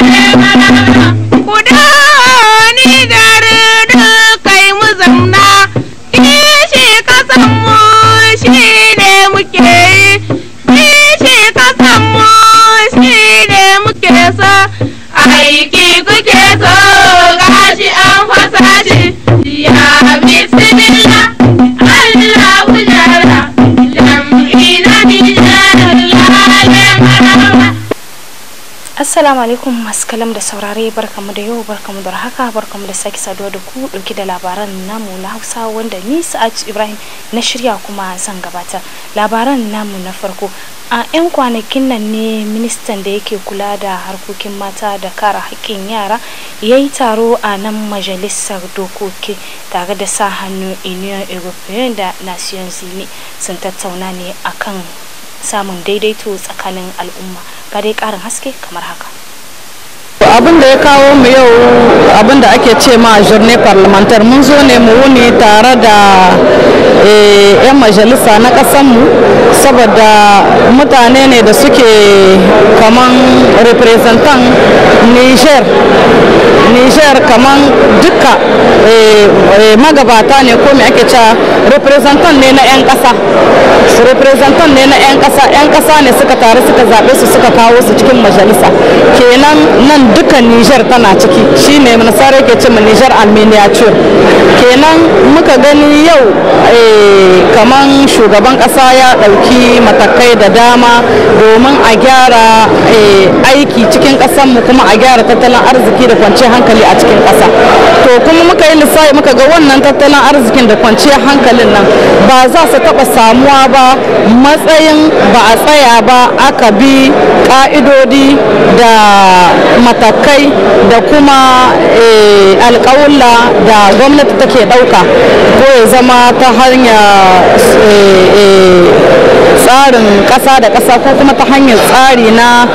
Thank you. Assalamu alaikum masu kalam da saurare barkamu da yau barkamu da haka barkamu da sake saduwa da ku dauke da labaran namu na Hausa wanda ni Sa'ad Ibrahim na shirya kuma zan gabata. Labaran namu na farko a 'yan kwanakin nan ne ministan da yake kula da harkokin mata da kara haƙƙin yara ya yi taro a nan majalisar dokoki tare da sa hannu Union European da Nations sun tattauna ne akan samun daidaito tsakanin al'umma ga dai ƙarin haske kamar haka abin da ya kawo mu yau abin da ake ce ma journée parlementaire mun zo ne mu wuni tare da eh, 'yan majalisa na kasanmu saboda mutane ne da suke kaman representant niger niger kaman duka eh, eh, magabata ne ko me ake cewa representant ne na 'yan kasa representant ne na 'yan kasa 'yan kasa ne suka tare suka zaɓe su suka kawo su cikin majalisa kenan nan dukkan nijar tana ciki shine nasarar ke ce nijar alminiyatur kenan muka gani yau eh, kaman shugaban kasa ya ɗauki matakai da dama domin a gyara eh, aiki cikin kasanmu kuma a gyara tattalin arziki da kwanci hankali a cikin kasa to kuma muka yi lissafi muka ga wannan tattalin arzikin da kwanci hankalin nan ba za su taba samuwa ba matsayin ba a tsaya ba aka bi ka'idodi da matakai da kuma eh, alƙawulla da gwamnati take ɗauka ko ya zama ta hanyar eh, eh, tsarin ƙasa da ƙasa ko kuma ta hanyar tsari na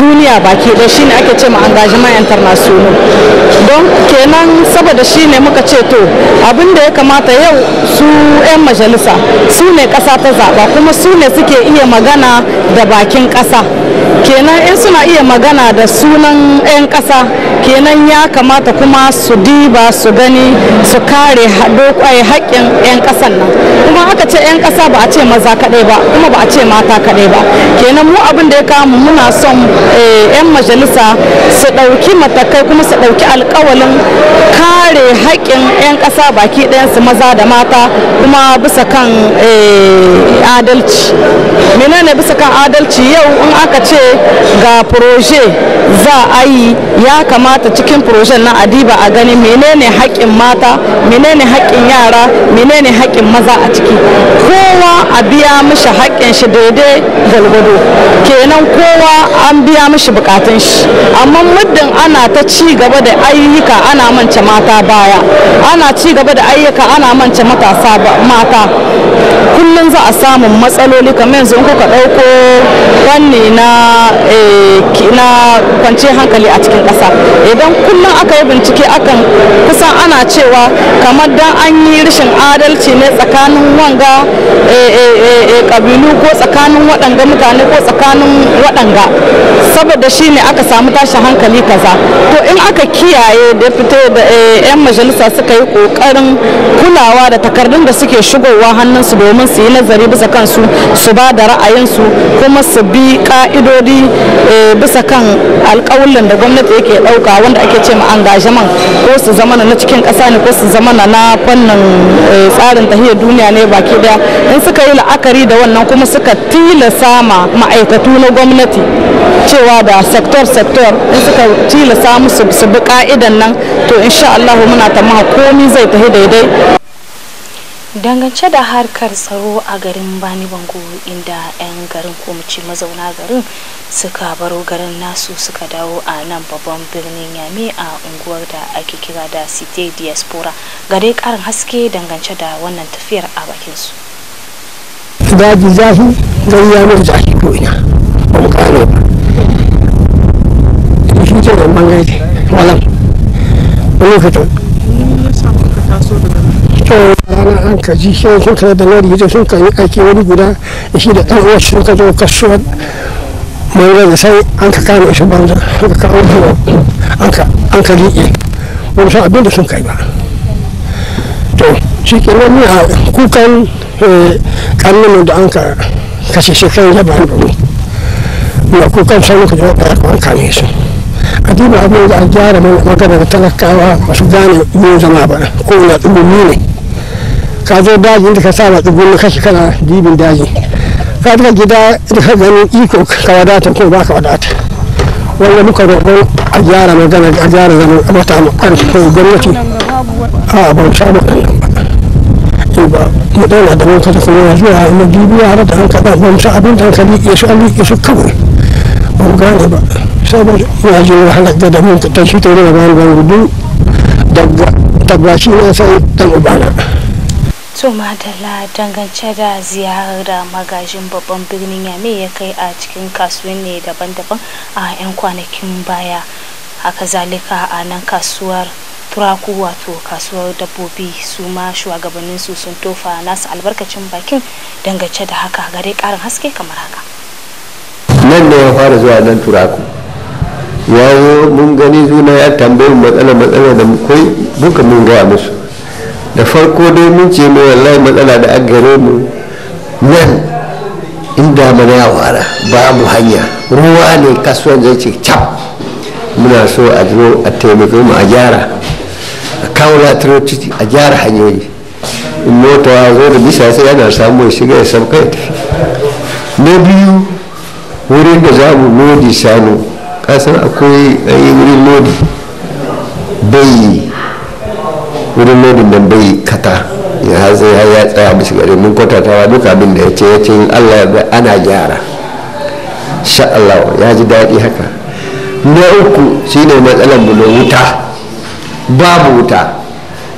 duniya baki da shine ake ce ma engagement international don kenan saboda shine muka ce to abinda ya kamata yau su 'yan majalisa su ne ƙasa ta zaba kuma su ne suke iya magana da bakin ƙasa kenan in suna iya magana da sunan 'yan ƙasa kenan ya kamata kuma su diba su gani su kare haƙƙin 'yan ƙasan nan kuma aka ce 'yan ƙasa ba a ce maza kaɗai ba kuma ba a ce mata kaɗai ba kenan mu abin da ya kama muna son eh, 'yan majalisa su ɗauki matakai kuma su ɗauki alƙawalin kare haƙƙin 'yan ƙasa baki ɗayansu maza da mata kuma bisa kan eh, adalci menene bisa kan adalci yau in aka ce ga proje za ayi ya kamata cikin furoshen na adiba a gani menene haƙƙin mata menene haƙƙin yara menene haƙƙin maza a ciki kowa a biya mishi haƙƙin shi daidai galgado kenan kowa an biya mishi bukatun shi amma muddin ana ta ci gaba da ayyuka ana mance mata baya ana ci gaba da ayyuka ana mance matasa mata kullum za a samu matsaloli kamar yanzu in kuka ɗauko fanni na eh, kwance hankali a cikin ƙasa idan kullum aka yi bincike akan kusan ana cewa kamar dan an yi rashin adalci ne tsakanin wanga eh, eh, kabilu eh, eh, eh, ko tsakanin waɗanga mutane ko tsakanin waɗanga saboda shi ne aka samu tashi hankali kaza to in aka kiyaye da fito da 'yan majalisa suka yi ƙoƙarin kulawa da takardun da suke shigowa hannunsu domin su yi nazari bisa kansu su ba da ra'ayinsu kuma su bi ka'idodi bisa kan alkawulin da gwamnati yake ɗauka wanda ake ce ma engagement ko su zama na cikin ƙasa ne ko su zama na fannin tsarin tahiyar duniya ne baki daya in suka yi yi la'akari da wannan kuma suka tilasa ma ma'aikatu na gwamnati cewa da sektor sektor in suka tilasa musu su bi ka'idan nan to insha Allah muna tamaha komi zai tafi daidai dangance da harkar tsaro a garin bani bango inda 'yan garin ko mace mazauna garin suka baro garin nasu suka dawo a nan babban birnin yami a unguwar da ake kira da cite diaspora ga dai karin haske dangance da wannan tafiyar a bakinsu daji zafi zan ya mun zafi ko ina ba mu gano ba shi ce da bangare walam wani lokacin rana an ka ji shi sun kai da nari da sun kai aiki wani guda da shi da ɗan uwa sun ka zo kasuwar mai da sai an ka kama isa banza an ka kawo zuwa an ka riƙe wani sa abin da sun kai ba to shi ke nan kukan قرننا دعانك كسيسكين جبع البنو نكو كان سنوك جواب يقوان كاميس أديب عبد الجارة من مقدر تلقى وسودان من زمابنا قولة أموميني كاجو داجي انت كسابة تقول لك شكرا ديب داجي كاجو جدا دخل إيكوك كوادات كو باك ودات wanda muka roƙon a gyara magana a gyara zaman wata alƙar gwamnati a bauta da ba mu daina da mun kuma da ba da an rike kawai ba mu gane ba da ta da bayan ban gudu dangance da ziyarar da magajin babban birnin yame ya kai a cikin kasuwanni daban-daban a 'yan kwanakin baya haka zalika a nan kasuwar turaku wato kasuwar dabbobi su ma shugabannin su sun tofa nasu albarkacin bakin dangace da haka gare karin haske kamar haka nan da ya fara zuwa nan turaku yawo mun gani zuna ya tambayi matsala matsala da kai buka mun gaya musu da farko dai mun ce mai wallahi matsala da an gare mu nan inda mana ya wara mu hanya ruwa ne kasuwan zai ce cap muna so a zo a taimake mu a gyara kawo latirociti a gyara hanyoyi in mota zo da bisa sai yana samu ya shiga ya sauka ya tafi na biyu wurin da za mu lodi shanu kasar akwai ɗanyi wurin lodi bai wurin lodin nan bai kata ya haza ya ya tsaya bisa gari mun kwatatawa duk abin da ya ce ya ce allah ya ana gyara sha ya ji daɗi haka na uku shine matsalar mu na wuta babu wuta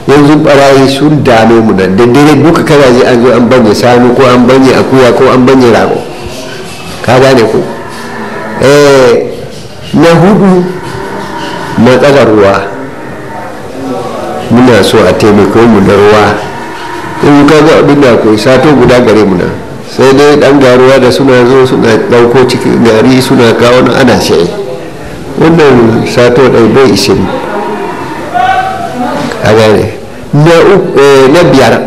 yanzu barayi sun dame mu nan da dare duka karaje an zo an banye sanu ko an banye akuya ko an banye rago ka gane ku eh, na hudu matsalar ruwa muna so a taimako mu da ruwa in ka ga abin da akwai sato guda gare mu nan sai dai dan garuwa da suna zo suna dauko cikin gari suna kawo ana sha'i wannan sato dai bai ishirin a gane eh, na biyar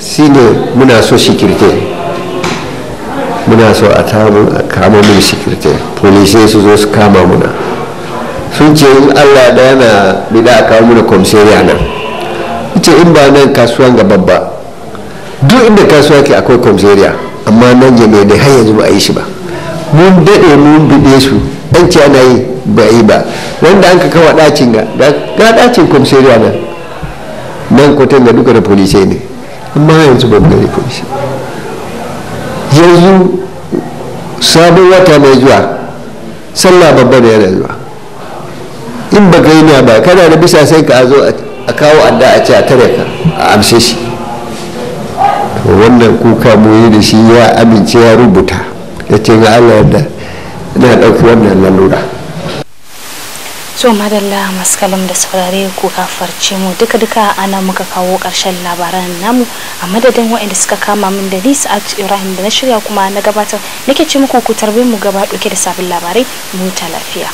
shine muna so shikirte muna so a kama mun shikirte polisai su zo su kama muna sun ce in allah da yana bida a kawo muna komisariya nan ce in ba nan kasuwan ga babba duk inda kasuwa ke akwai komisariya amma nan jami'a da har yanzu ba a yi shi ba mun daɗe mun bide su an ce ana yi ba yi ba wanda an ka kawa ɗacin ga ɗacin komisariya nan nan kotun da duka da polisai ne amma yanzu ba mu gani polisai yanzu sabon wata mai zuwa sallah babba da yana zuwa in ba ga na ba kana da bisa sai ka zo a kawo adda a ce a tare ka a amshe shi to wannan kuka mu da shi ya amince ya rubuta ya ce ga Allah yadda na ɗauki wannan lalura so madalla masu kalam da saurare ku kafarce mu duka duka ana muka kawo karshen labaran namu a madadin waɗanda suka kama min da ni sa'ad ibrahim da na shirya kuma na gabatar nake ce muku ku tarbe mu gaba ɗauke da sabbin labarai mu ta lafiya